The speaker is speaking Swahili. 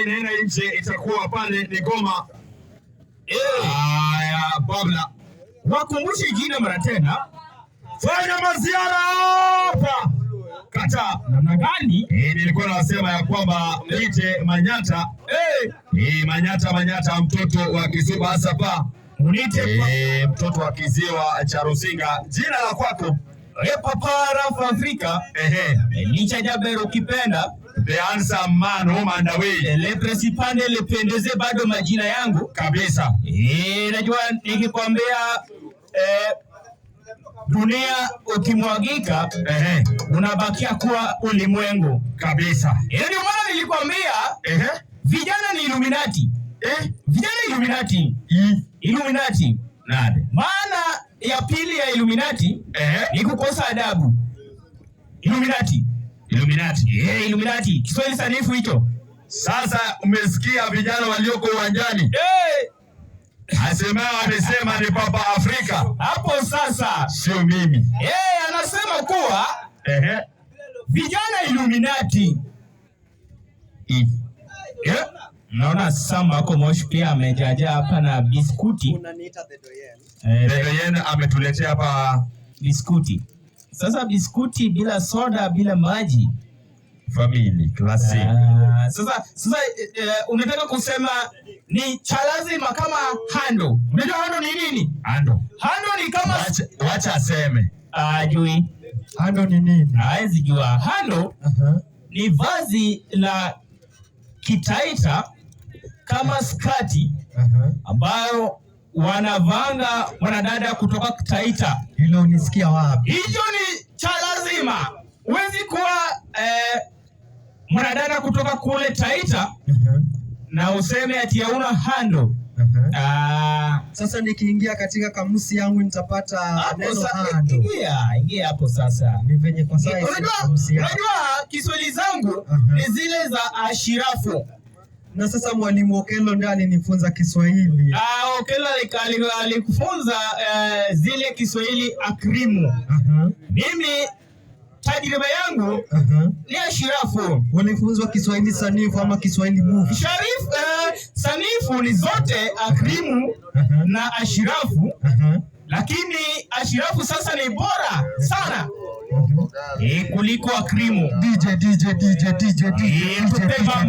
inaenda nje itakuwa pale ni Goma. Eh, Haya babla, wakumbushe jina mara tena, fanya maziara hapa kata namna gani? Eh, nilikuwa nasema ya kwamba ite Manyata eh, hey. Eh, Manyata Manyata, mtoto wa Kiziba hasa pa munite hey, eh, mtoto wa Kiziwa cha Rusinga. Jina la kwako? Papa Rafa Afrika, ehe, licha Jabero kipenda Beanza man home and away. Le principale lipendeze bado majina yangu kabisa. Eh, najua nikikwambia eh, dunia ukimwagika ehe, unabakia kuwa ulimwengu kabisa. Hiyo eh, ndio maana nilikwambia ehe, vijana ni Illuminati. Eh, vijana Illuminati. Mm. Illuminati. Nade. Maana ya pili ya Illuminati ehe, ni kukosa adabu. Illuminati. Illuminati. Hey, Illuminati. Kiswahili sanifu hicho. Sasa umesikia vijana walioko uwanjani hey. Asemaye amesema ni Papa Afrika hapo sasa, sio mimi hey, anasema kuwa Ehe. vijana Illuminati yeah. Naona Sam Moshi pia amejaja hapa na biskuti Unaniita the Doyen ametuletea hapa biskuti. Sasa biskuti bila soda bila maji famili classic. Ah, sasa sasa uh, unataka kusema ni cha lazima kama hando. Unajua hando ni nini? Hando. Hando ni kama wacha, wacha aseme. Ajui. Hando ni nini? Hawezi jua. Hando uh -huh. Ni vazi la kitaita kama skati uh -huh. ambayo wanavanga wanadada kutoka Kitaita. Hilo unisikia wapi? Hicho ni cha lazima. Huwezi kuwa eh, mwanadada kutoka kule Taita uh-huh. na useme ati hauna handle Uh -huh. Ah. Sasa nikiingia katika kamusi yangu nitapata neno hando. Ingia, ingia hapo sasa. Ni venye kwa sasa. Unajua Kiswahili zangu uh -huh. ni zile za ashirafu. Na sasa mwalimu Okello ndiye alinifunza Kiswahili. Ah, Okello alikufunza uh, zile Kiswahili akrimu. Uh -huh. Mimi tajiriba yangu uh-huh. ni ashirafu. Wanafunzi wa Kiswahili sanifu ama Kiswahili movie. Sharif, uh, sanifu ni zote akrimu uh-huh. na ashirafu uh-huh. lakini ashirafu sasa ni bora sana eh, kuliko akrimu. DJ DJ DJ DJ DJ eh,